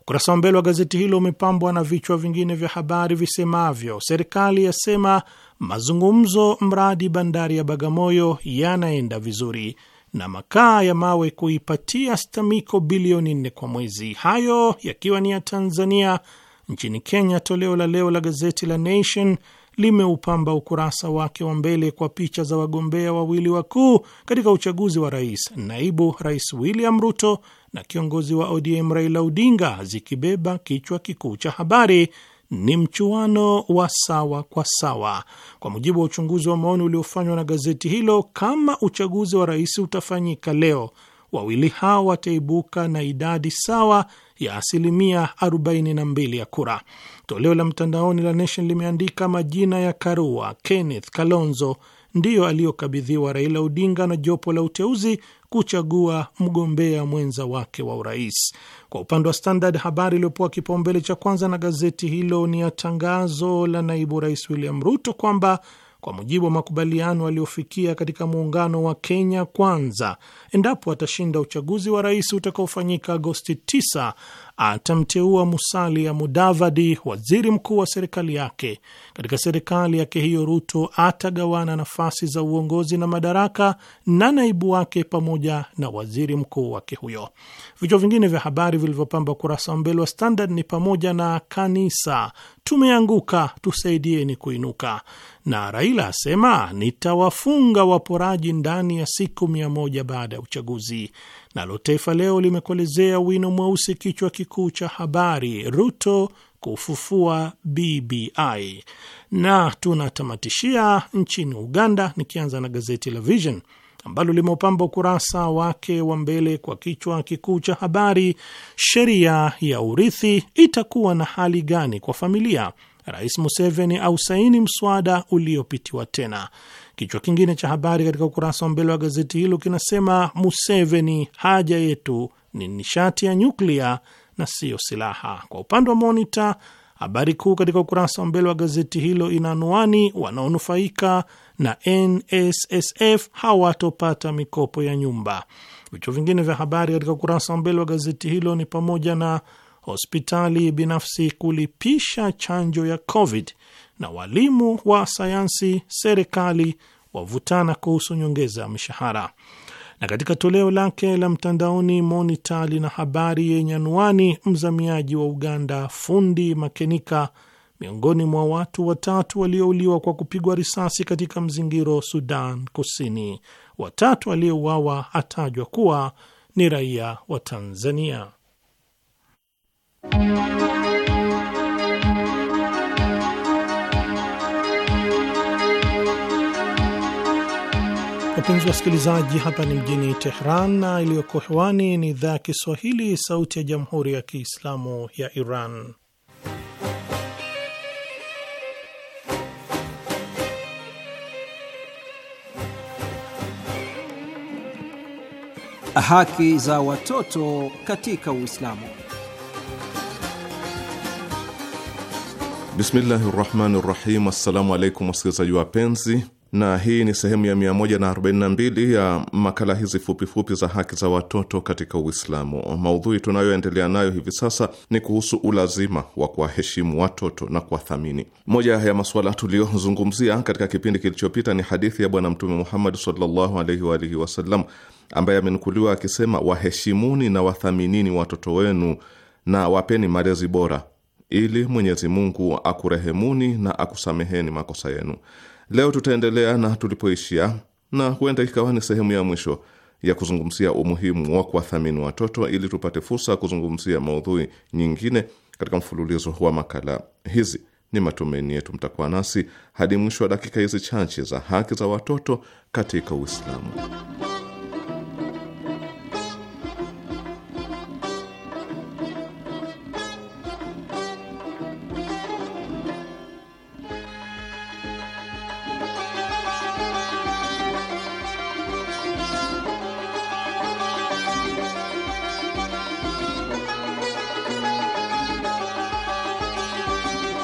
Speaker 1: Ukurasa wa mbele wa gazeti hilo umepambwa na vichwa vingine vya habari visemavyo: serikali yasema mazungumzo mradi bandari ya Bagamoyo yanaenda vizuri na makaa ya mawe kuipatia STAMIKO bilioni nne kwa mwezi. Hayo yakiwa ni ya Tanzania. Nchini Kenya, toleo la leo la gazeti la Nation limeupamba ukurasa wake wa mbele kwa picha za wagombea wawili wakuu katika uchaguzi wa rais, naibu rais William Ruto na kiongozi wa ODM Raila Odinga, zikibeba kichwa kikuu cha habari ni mchuano wa sawa kwa sawa. Kwa mujibu wa uchunguzi wa maoni uliofanywa na gazeti hilo, kama uchaguzi wa rais utafanyika leo, wawili hao wataibuka na idadi sawa ya asilimia 42 ya kura. Toleo la mtandaoni la Nation limeandika majina ya Karua, Kenneth Kalonzo ndiyo aliyokabidhiwa Raila Odinga na jopo la uteuzi kuchagua mgombea mwenza wake wa urais. Kwa upande wa Standard, habari iliyopewa kipaumbele cha kwanza na gazeti hilo ni ya tangazo la naibu rais William Ruto kwamba kwa mujibu wa makubaliano aliyofikia katika muungano wa Kenya Kwanza. Endapo atashinda uchaguzi wa rais utakaofanyika Agosti 9, atamteua Musalia Mudavadi waziri mkuu wa serikali yake. Katika serikali yake hiyo, Ruto atagawana nafasi za uongozi na madaraka na naibu wake pamoja na waziri mkuu wake huyo. Vichwa vingine vya habari vilivyopamba ukurasa wa mbele wa Standard ni pamoja na kanisa tumeanguka, tusaidieni kuinuka na Raila asema nitawafunga waporaji ndani ya siku mia moja baada ya uchaguzi. Nalo Taifa Leo limekolezea wino mweusi kichwa kikuu cha habari, Ruto kufufua BBI, na tunatamatishia nchini Uganda, nikianza na gazeti la Vision ambalo limeupamba ukurasa wake wa mbele kwa kichwa kikuu cha habari, sheria ya urithi itakuwa na hali gani kwa familia? Rais Museveni ausaini mswada uliopitiwa tena. Kichwa kingine cha habari katika ukurasa wa mbele wa gazeti hilo kinasema Museveni, haja yetu ni nishati ya nyuklia na siyo silaha. Kwa upande wa Monita, habari kuu katika ukurasa wa mbele wa gazeti hilo ina anuani wanaonufaika na NSSF hawatopata mikopo ya nyumba. Vichwa vingine vya habari katika ukurasa wa mbele wa gazeti hilo ni pamoja na hospitali binafsi kulipisha chanjo ya COVID na walimu wa sayansi serikali wavutana kuhusu nyongeza ya mishahara. Na katika toleo lake la mtandaoni Monita lina habari yenye anwani mzamiaji wa Uganda fundi makenika miongoni mwa watu watatu waliouliwa kwa kupigwa risasi katika mzingiro Sudan Kusini. Watatu aliyeuawa atajwa kuwa ni raia wa Tanzania. Wapenzi wasikilizaji, hapa ni mjini Tehran na iliyoko hewani ni idhaa ya Kiswahili, Sauti ya Jamhuri ya Kiislamu ya Iran.
Speaker 2: Haki za watoto katika Uislamu.
Speaker 3: Bismillahi rahmani rahim. Assalamu alaikum wasikilizaji wapenzi, na hii ni sehemu ya 142 ya makala hizi fupifupi za haki za watoto katika Uislamu. Maudhui tunayoendelea nayo hivi sasa ni kuhusu ulazima wa kuwaheshimu watoto na kuwathamini. Moja ya masuala tuliyozungumzia katika kipindi kilichopita ni hadithi ya Bwana Mtume Muhammad sallallahu alaihi wa alihi wasallam ambaye amenukuliwa akisema, waheshimuni na wathaminini watoto wenu na wapeni malezi bora ili Mwenyezi Mungu akurehemuni na akusameheni makosa yenu. Leo tutaendelea na tulipoishia, na huenda ikawa ni sehemu ya mwisho ya kuzungumzia umuhimu wa kuwathamini watoto ili tupate fursa ya kuzungumzia maudhui nyingine katika mfululizo wa makala hizi. Ni matumaini yetu mtakuwa nasi hadi mwisho wa dakika hizi chache za haki za watoto katika Uislamu.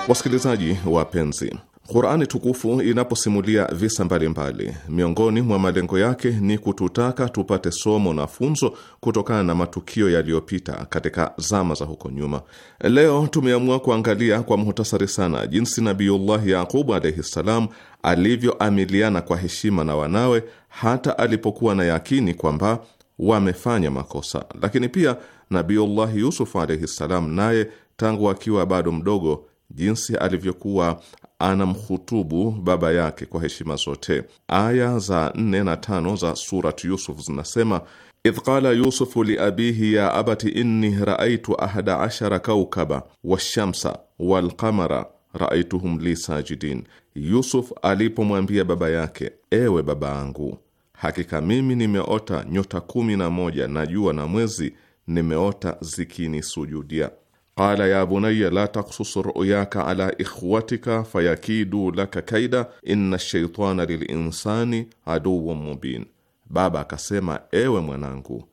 Speaker 3: Wasikilizaji wapenzi, Qurani tukufu inaposimulia visa mbalimbali, miongoni mwa malengo yake ni kututaka tupate somo na funzo kutokana na matukio yaliyopita katika zama za huko nyuma. Leo tumeamua kuangalia kwa muhtasari sana jinsi Nabiullah Yaqubu alaihi ssalam alivyoamiliana kwa heshima na wanawe hata alipokuwa na yakini kwamba wamefanya makosa, lakini pia nabiullahi yusuf alaihi ssalam naye tangu akiwa bado mdogo jinsi alivyokuwa anamhutubu baba yake kwa heshima zote. Aya za nne na tano za Surat Yusuf zinasema idh qala yusufu liabihi ya abati inni raaitu ahada ashara kaukaba washamsa walqamara raaituhum li sajidin, Yusuf alipomwambia baba yake, ewe baba angu, hakika mimi nimeota nyota kumi na moja na jua na mwezi nimeota zikinisujudia qala ya bunaya la taksusu ruyaka ala ikhwatika fayakidu laka kaida inna shaitana lilinsani aduwun mubin, baba akasema, ewe mwanangu,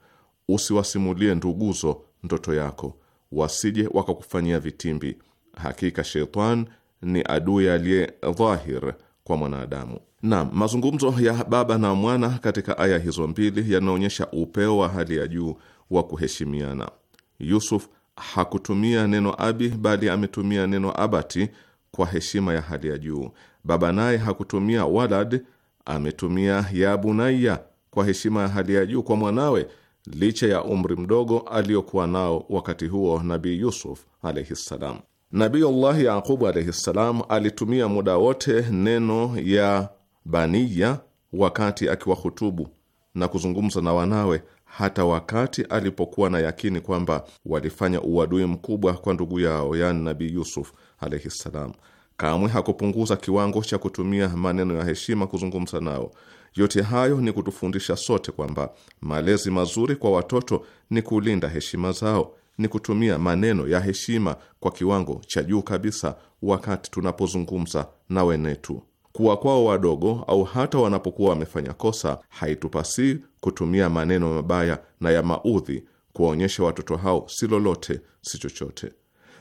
Speaker 3: usiwasimulie nduguzo ndoto yako, wasije wakakufanyia vitimbi. Hakika shaitan ni adui aliye dhahir kwa mwanadamu. Naam, mazungumzo ya baba na mwana katika aya hizo mbili yanaonyesha upeo wa hali ya juu wa kuheshimiana. Yusuf hakutumia neno abi bali ametumia neno abati kwa heshima ya hali ya juu. Baba naye hakutumia walad, ametumia ya bunayya kwa heshima ya hali ya juu kwa mwanawe, licha ya umri mdogo aliyokuwa nao wakati huo Nabii Yusuf alaihi ssalam. Nabiyullahi Yaqubu alaihi ssalam alitumia muda wote neno ya baniya wakati akiwahutubu na kuzungumza na wanawe hata wakati alipokuwa na yakini kwamba walifanya uadui mkubwa kwa ndugu yao, yani Nabii Yusuf alaihi ssalam. Kamwe hakupunguza kiwango cha kutumia maneno ya heshima kuzungumza nao. Yote hayo ni kutufundisha sote kwamba malezi mazuri kwa watoto ni kulinda heshima zao, ni kutumia maneno ya heshima kwa kiwango cha juu kabisa wakati tunapozungumza na wenetu kuwa kwao wadogo au hata wanapokuwa wamefanya kosa, haitupasi kutumia maneno mabaya na ya maudhi kuwaonyesha watoto hao si lolote si chochote.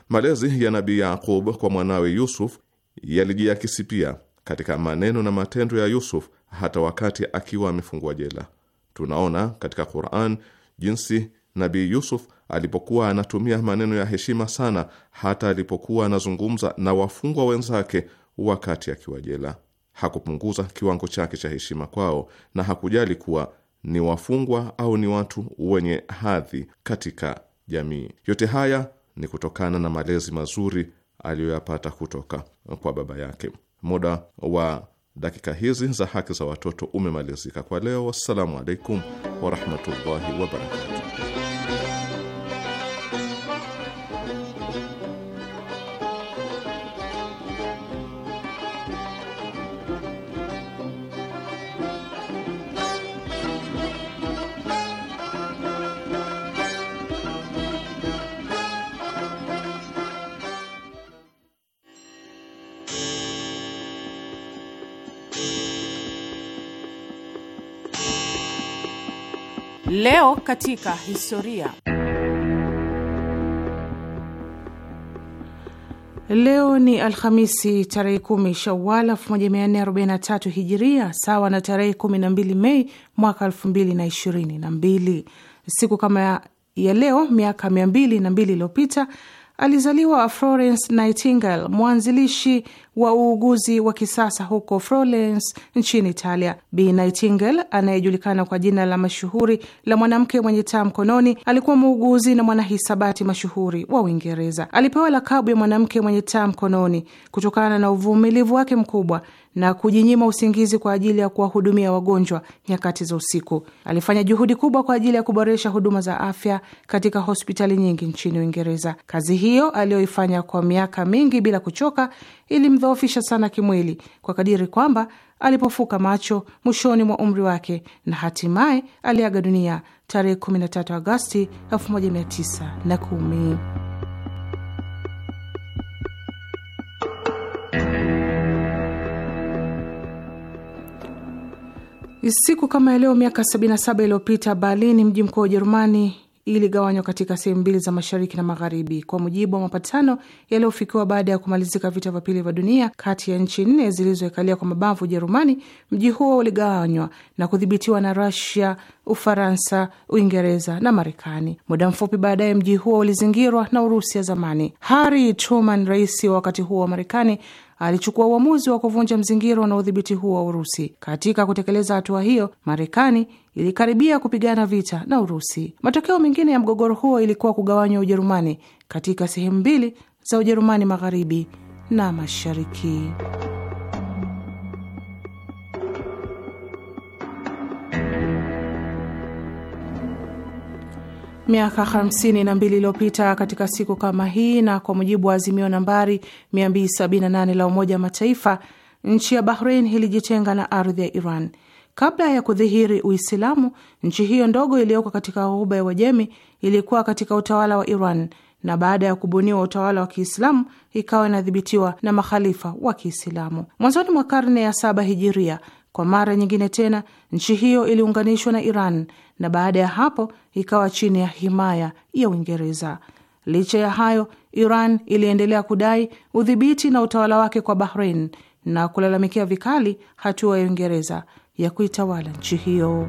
Speaker 3: Malezi ya Nabii Yaqub kwa mwanawe Yusuf yalijiakisi pia katika maneno na matendo ya Yusuf hata wakati akiwa amefungwa jela. Tunaona katika Quran jinsi Nabii Yusuf alipokuwa anatumia maneno ya heshima sana hata alipokuwa anazungumza na wafungwa wenzake wakati akiwa jela hakupunguza kiwango chake cha heshima kwao na hakujali kuwa ni wafungwa au ni watu wenye hadhi katika jamii. Yote haya ni kutokana na malezi mazuri aliyoyapata kutoka kwa baba yake. Muda wa dakika hizi za haki za watoto umemalizika kwa leo. Wassalamu alaikum warahmatullahi wabarakatuh.
Speaker 4: Leo katika historia. Leo ni Alhamisi tarehe kumi Shawal 1443 Hijiria, sawa na tarehe 12 Mei mwaka 2022. Siku kama ya leo miaka 202 iliyopita Alizaliwa Florence Nightingale, mwanzilishi wa uuguzi wa kisasa huko Florence nchini Italia. Bi Nightingale anayejulikana kwa jina la mashuhuri la mwanamke mwenye taa mkononi alikuwa muuguzi na mwanahisabati mashuhuri wa Uingereza. Alipewa lakabu ya mwanamke mwenye taa mkononi kutokana na uvumilivu wake mkubwa na kujinyima usingizi kwa ajili ya kuwahudumia wagonjwa nyakati za usiku. Alifanya juhudi kubwa kwa ajili ya kuboresha huduma za afya katika hospitali nyingi nchini Uingereza. Kazi hiyo aliyoifanya kwa miaka mingi bila kuchoka ilimdhoofisha sana kimwili kwa kadiri kwamba alipofuka macho mwishoni mwa umri wake na hatimaye aliaga dunia tarehe 13 Agosti 1910. Siku kama ya leo miaka 77 iliyopita Berlin, mji mkuu wa Ujerumani, iligawanywa katika sehemu mbili za mashariki na magharibi kwa mujibu wa mapatano yaliyofikiwa baada ya kumalizika vita vya pili vya dunia kati ya nchi nne zilizoikalia kwa mabavu Ujerumani. Mji huo uligawanywa na kudhibitiwa na Rusia, Ufaransa, Uingereza na Marekani. Muda mfupi baadaye, mji huo ulizingirwa na Urusi ya zamani. Harry Truman, rais wa wakati huo wa Marekani, alichukua uamuzi wa kuvunja mzingiro na udhibiti huo wa Urusi. Katika kutekeleza hatua hiyo, Marekani ilikaribia kupigana vita na Urusi. Matokeo mengine ya mgogoro huo ilikuwa kugawanywa Ujerumani katika sehemu mbili za Ujerumani magharibi na mashariki. miaka 52 iliyopita katika siku kama hii, na kwa mujibu wa azimio nambari 278 la Umoja wa Mataifa, nchi ya Bahrain ilijitenga na ardhi ya Iran. Kabla ya kudhihiri Uislamu, nchi hiyo ndogo iliyoko katika ghuba ya Uajemi ilikuwa katika utawala wa Iran, na baada ya kubuniwa utawala wa Kiislamu ikawa inadhibitiwa na makhalifa wa Kiislamu. Mwanzoni mwa karne ya saba hijiria, kwa mara nyingine tena nchi hiyo iliunganishwa na Iran na baada ya hapo ikawa chini ya himaya ya Uingereza. Licha ya hayo, Iran iliendelea kudai udhibiti na utawala wake kwa Bahrain na kulalamikia vikali hatua ya Uingereza ya kuitawala nchi hiyo.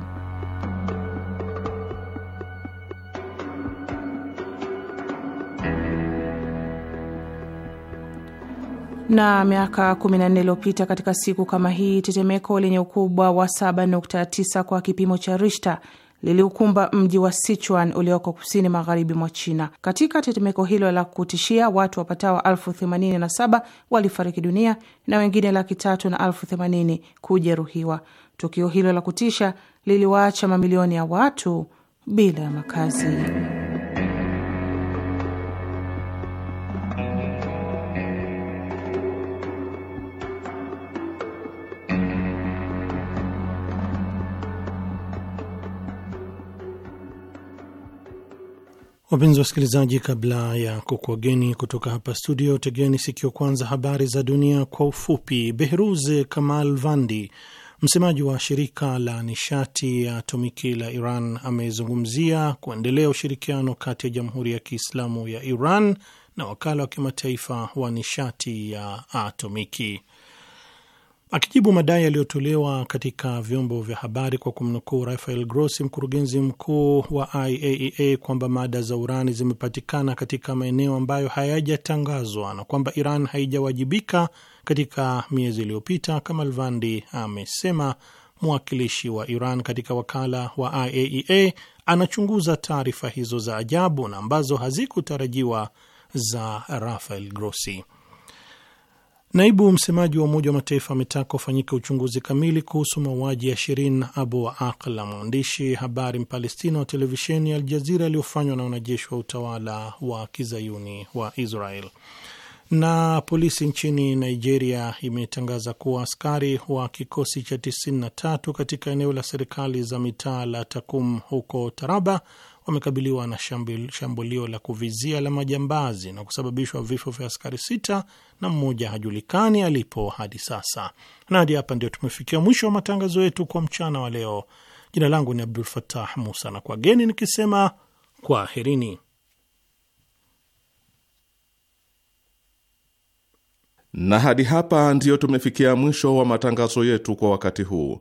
Speaker 4: na miaka 14 iliyopita katika siku kama hii, tetemeko lenye ukubwa wa 7.9 kwa kipimo cha Richter liliukumba mji wa Sichuan ulioko kusini magharibi mwa China. Katika tetemeko hilo la kutishia, watu wapatao elfu themanini na saba walifariki dunia na wengine laki tatu na elfu themanini kujeruhiwa. Tukio hilo la kutisha liliwaacha mamilioni ya watu bila ya makazi.
Speaker 1: Wapenzi wasikilizaji, kabla ya kukuageni kutoka hapa studio, tegeni sikio kwanza habari za dunia kwa ufupi. Behruze Kamal Vandi, msemaji wa shirika la nishati ya atomiki la Iran, amezungumzia kuendelea ushirikiano kati ya Jamhuri ya Kiislamu ya Iran na wakala wa kimataifa wa nishati ya atomiki. Akijibu madai yaliyotolewa katika vyombo vya habari kwa kumnukuu Rafael Grossi, mkurugenzi mkuu wa IAEA, e kwamba mada za urani zimepatikana katika maeneo ambayo hayajatangazwa na kwamba Iran haijawajibika katika miezi iliyopita, Kamalvandi amesema mwakilishi wa Iran katika wakala wa IAEA e anachunguza taarifa hizo za ajabu na ambazo hazikutarajiwa za Rafael Grossi. Naibu msemaji wa Umoja wa Mataifa ametaka ufanyike uchunguzi kamili kuhusu mauaji ya Shirin Abu Akla, mwandishi habari Mpalestina wa televisheni ya Aljazira, aliyofanywa na wanajeshi wa utawala wa kizayuni wa Israel. Na polisi nchini Nigeria imetangaza kuwa askari wa kikosi cha 93 katika eneo la serikali za mitaa la Takum huko Taraba wamekabiliwa na shambil, shambulio la kuvizia la majambazi na kusababishwa vifo vya askari sita na mmoja hajulikani alipo hadi sasa. Na hadi hapa ndio tumefikia mwisho wa matangazo yetu kwa mchana wa leo. Jina langu ni Abdul Fatah Musa na kwa geni nikisema kwaherini.
Speaker 3: Na hadi hapa ndiyo tumefikia mwisho wa matangazo yetu kwa wakati huu.